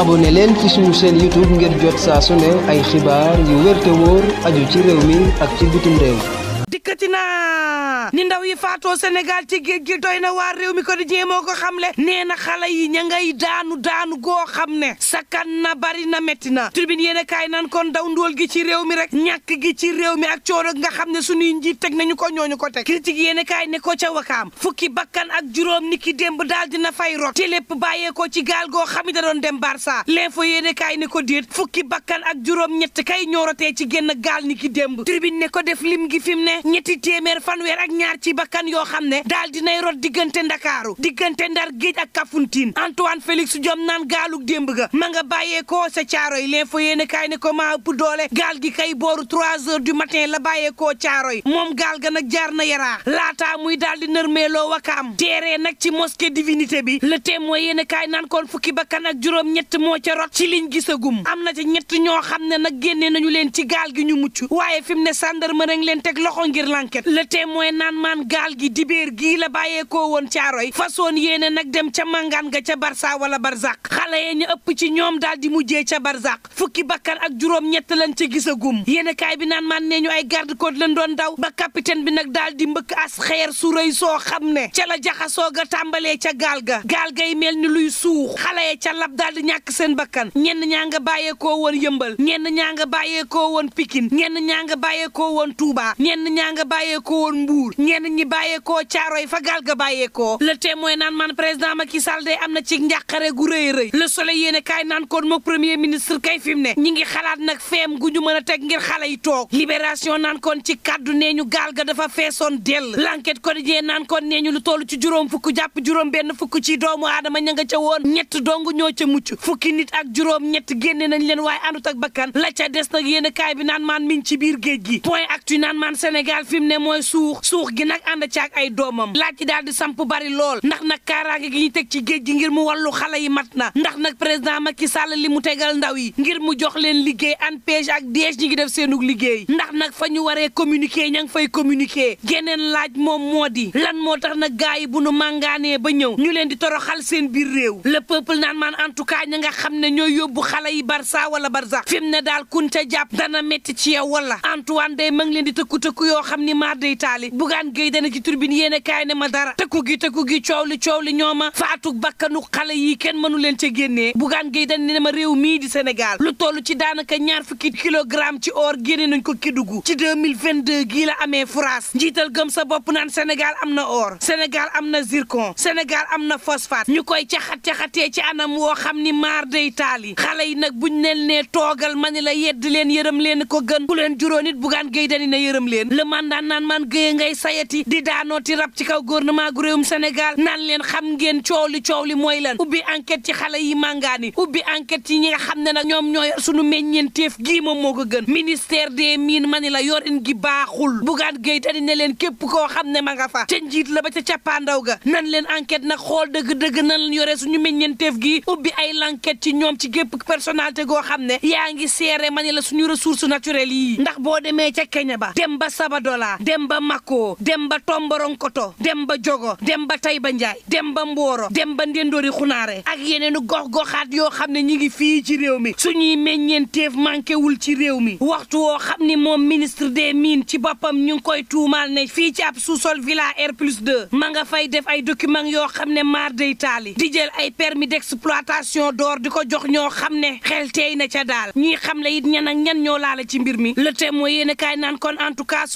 abone leen ci suñu chaîne YouTube ngir jot saa ay xibaar yu wér te aju ci réew mi ak ci bitim réew dikkati na ni ndaw yi faatoo senegal ci géej gi doy na waa réew mi ko di jee ko xam le nee na xale yi ña ngay daanu daanu goo xam ne sakkan na bari na metti na tribune yéen a kaay naan kon daw ndóol gi ci réew mi rek ñàkk gi ci réew mi ak coono nga xam ne suñuy njiit teg nañu ko ñooñu ko teg critique yéen a ne ko ca wakaam fukki bakkan ak juróom ni ki démb daal dina fay rot te lépp bàyyeekoo ci gaal goo xam ne da doon dem barsa l'info yéen a kaay ne ko déet fukki bakkan ak juróom kay ñoo ci génn gaal ni ki démb tribune ne def lim gi fi mu ne ñetti téeméer fanweer ak ñaar ci bakkan yoo xam ne daal dinay rot diggante ndakaaru diggante ndar géej ak kafuntiin Antoine Félix Diome naan gaalug démb ga ma nga bàyyeekoo sa caaro caaroy l'info yéene kaay ne ko maa ëpp doole gaal gi kay booru trois heures du matin la bàyyeekoo caaro yi moom gaal ga nag jaar na yaraa laata muy daal di nërmeeloo wakaam teeree nag ci mosquée divinité bi la le témoin yéene kaay naan kon fukki bakkan ak juróom ñett moo ca ci liñ gisagum am na ca ñett ñoo xam ne nag génnee nañu leen ci gaal gi ñu mucc waaye fi mu ne sàndarma rek leen teg loxo ngir lanket le témoin naan maan gaal gi dibéer gii la bàyyeekoo woon caaroy façon yéene nag dem ca mangaan ga ca barsa wala barzak xale ya ëpp ci ñoom daal di mujjee ca barzak fukki bakkan ak juróom ñett lañ ca gisagum yéene kaay bi naan maan nee ñu ay garde côte lañ doon daw ba capitaine bi nag daal di mbëkk as xeer su soo xam ne ca la jaxasoo ga tàmbalee ca gaal ga gaal gay mel ni luy suux xala ya ca lab daal di ñàkk seen bakkan ñenn ñaa nga bàyyeekoo woon yëmbal ñenn ñaa nga bàyyeekoo woon pikin ñenn ñaa nga ñaa nga bàyyeekoo woon mbuur ñenn ñi bàyyeekoo caaroy fa gaal ga la le témoin naan man président Macky Sall de am na ci njàqare gu rëy rëy la soleil yéene kaay naan kon mook premier ministre kay fi mu ngi xalaat nag feem gu ñu mën a teg ngir xale yi toog libération naan kon ci kaddu nee ñu gaal ga dafa feesoon dell l'enquête quotidien naan kon nee ñu lu toll ci juróom fukk jàpp juróom benn fukk ci doomu aadama ña nga ca woon ñett dong ñoo ca mucc fukki nit ak juróom ñett génne nañ leen waaye àndut ak bakkan la ca des nag yéene kaay bi naan maan mi ci biir géej gi Sénégal fi mu ne mooy suux suux gi nag ànd ci ak ay doomam laaj ci daal di samp bari lool ndax nag kaaraange gi ñu teg ci géej gi ngir mu wàllu xale yi mat na ndax nag président Macky Sall li mu tegal ndaw yi ngir mu jox leen liggéey ANPEJ ak DEJ ñi ngi def seenug liggéey ndax nag fa ñu waree communiquer ña ngi fay communiquer geneen laaj moom moo di lan moo tax nag gars yi bu nu màngaanee ba ñëw ñu leen di toroxal seen biir réew le peuple naan maan en tout cas ña nga xam ne ñooy yóbbu xale yi Barça wala Barsax fi ne daal kun ca jàpp dana métti ci yow wala Antoine day ma ngi yoo xam ni maar day taali bugaan géy dana ci turbine yéen a kaay ne ma dara tëkku gi tëkku gi coow li coow li ñoo ma faatu bakkanu xale yi kenn mënu leen ca génnee bugaan géy dana ne ma réew mii di Sénégal lu tollu ci daanaka ñaar kilo kilogramme ci or génne nañ ko Kédougou ci 2022 gii la amee France njiital gëm sa bopp naan Sénégal am na or Sénégal am na zircon Sénégal am na phosphate ñu koy caxat caxatee ci anam woo xam ni maar day taali xale yi nag buñ leen nee toogal ma ni la yedd leen yërëm leen ko gën ku leen juróon it bugaan géy dani ne yërëm leen man mandat naan man géye ngay sayati di daanooti rab ci kaw gouvernement gu réewum Sénégal naan leen xam ngeen coow li coow li mooy lan ubbi enquête ci xale yi màngaani ubbi enquête yi ñi nga xam ne nag ñoom ñooy suñu meññeenteef gii moom moo ko gën ministère des mines ni la yorin gi baaxul bugaan géy tadi ne leen képp koo xam ne ma nga fa ca njiit la ba ca cappaandaw ga nan leen enquête nag xool dëgg-dëgg nan leen yore suñu meññeenteef gi ubbi ay l'enquête ci ñoom ci gépp personnalité goo xam ne yaa ngi seere mani la suñu ressources naturelles yi ndax boo demee ca Kenya ba Abadola dem ba Makko dem ba Tomboronkoto dem ba Jogo dem ba Tayba Njaay dem ba Mbooro dem ba Ndendori Xunaare ak yeneen gox goxaat yoo xam ne ñi ngi fii ci réew mi suñuy meññeenteef manqué wul ci réew mi waxtu woo xam ni moom ministre des mines ci boppam ñu ngi koy tuumaal ne fii ci ab sous villa R plus 2 ma nga fay def ay documents yoo xam ne maar day taali di jël ay permis d'exploitation d'or di ko jox ñoo xam ne xel teey na ca daal ñii xam le it ñan ak ñan ci mbir mi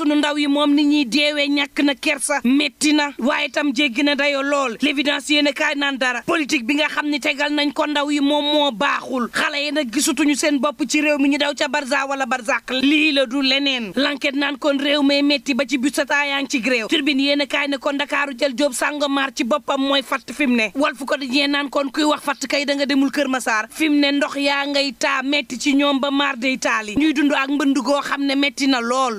sunu ndaw yi moom ni ñuy deewee ñàkk na kersa métti na waaye tam jéggi na dayoo lool l'évidence yéen a kaay naan dara politique bi nga xam ne tegal nañ ko ndaw yi moom moo baaxul xale yi nag gisutuñu seen bopp ci réew mi ñu daw ca barza wala barzaq lii la du leneen lanket naan kon réew mee métti ba ci busata yaa ngi ci réew turbine yéen a kaay ne kon ndakaaru jël joob sàngomar ci boppam mooy fatt fi mu ne Walf Quotidien naan kon kuy wax fatt kay da nga demul Kër Masaar fi mu ne ndox yaa ngay taa métti ci ñoom ba maar day taali ñuy dund ak mbënd goo xam ne métti na lool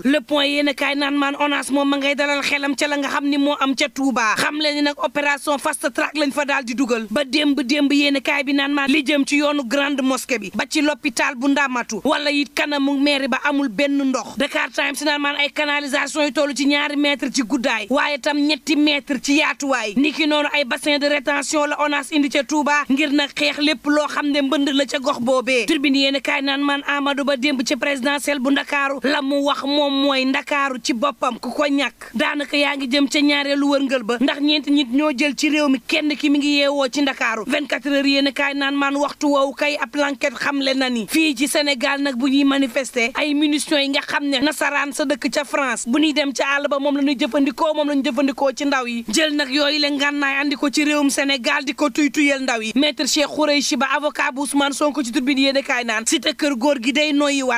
kaay naan maan ONAS moom ma ngay dalal xelam ca la nga xam ni moo am ca Touba xam leen ni nag opération fast track lañ fa daal di dugal ba démb démb yéen kaay bi naan maan li jëm ci yoonu grande mosquée bi ba ci l'hôpital bu Ndamatu wala it kanamu mairie ba amul benn ndox Dakar Times naan maan ay canalisation yu tollu ci ñaari mètre ci guddaay waaye tam ñetti mètre ci yaatuwaay niki noonu ay bassin de rétention la ONAS indi ca Touba ngir nag xeex lépp loo xam ne mbënd la ca gox boobee tribune yéen kaay naan maan Amadou Ba démb ci présidentielle bu Ndakaaru la mu wax moom mooy Ndakaaru ndakaaru ci boppam ku ko ñàkk daanaka yaa ngi jëm ca ñaareelu wërngël ba ndax ñeenti nit ñoo jël ci réew mi kenn ki mi ngi yeewoo ci ndakaaru 24 heures yéen kaay naan maan waxtu woowu kay ab lanket xamle na ni fii ci Sénégal nag bu ñuy manifester ay munitions yi nga xam ne nasaraan sa dëkk ca France bu ñuy dem ca àll ba moom la ñuy jëfandikoo moom la ñuy jëfandikoo ci ndaw yi jël nag yooyu la ngànnaay andi ko ci réewum Sénégal di ko tuy tuyal ndaw yi maître Cheikh Khoureychi Ba avocat bu Ousmane Sonko ci turbine yéen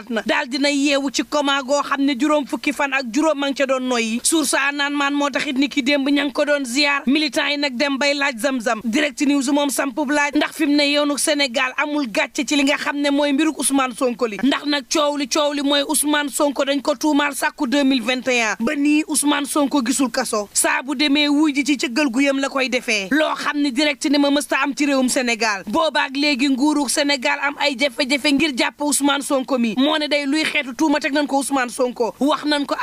na daal dina yeewu ci coma ak juróom ma ngi ca doon noyyi source a naan maan moo taxit ni ki démb ña ngi ko doon ziar militant yi nag dem bay laaj zam-zam direct news moom sampub laaj ndax fi mu ne yoonu Sénégal amul gàcce ci li nga xam ne mooy mbiruk Ousmane Sonko li ndax nag coow li coow li mooy Ousmane Sonko dañ ko tuumaal sàkku 2021 ba nii Ousmane Sonko gisul kaso saa bu demee wuy ji ci cëggal guyam la koy defee loo xam ne direct ni ma mësta am ci réewum Sénégal boobaak léegi nguuru Sénégal am ay jafe ngir jàpp Ousmane Sonko mi moo ne day luy xeetu tuuma teg nañ ko Ousmane Sonko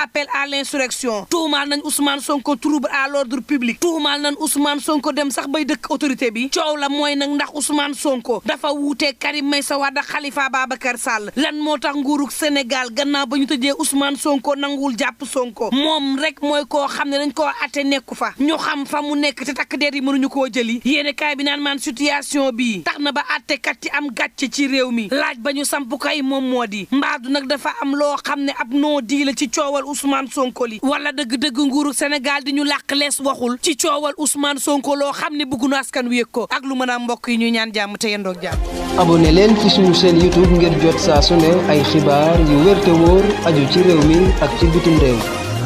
appel à l'insurrection tuumaal nañ Ousmane Sonko trouble à l'ordre public tuumaal nañ Ousmane Sonko dem sax bay dëkk autorité bi coow la mooy nag ndax Ousmane Sonko dafa wuutee sa Meïssa Wade xalifa Babacar Sall lan moo tax nguurug Sénégal gannaaw ba ñu tëjee Ousmane Sonko nanguwul jàpp Sonko moom rek mooy ko xam ne dañ ko atte nekku fa ñu xam fa mu nekk te takk der yi mënuñu koo jëli yéene kaay bi naan maan situation bi tax na ba attekat yi am gàcce ci réew mi laaj ba ñu samp kay moom moo di mbaadu nag dafa am loo xam ne ab noo di la ci coowal Ousmane Sonko li wala dëgg-dëgg nguuru Sénégal di ñu làq lees waxul ci coowal Ousmane Sonko loo xam ne bëgg na askan wi yëg ko ak lu mën a mbokk yi ñu ñaan jàmm te yendoog jàmm. abonné leen ci suñu seen YouTube ngir jot saa su ne ay xibaar yu wér te wóor aju ci réew mi ak ci bitim réew.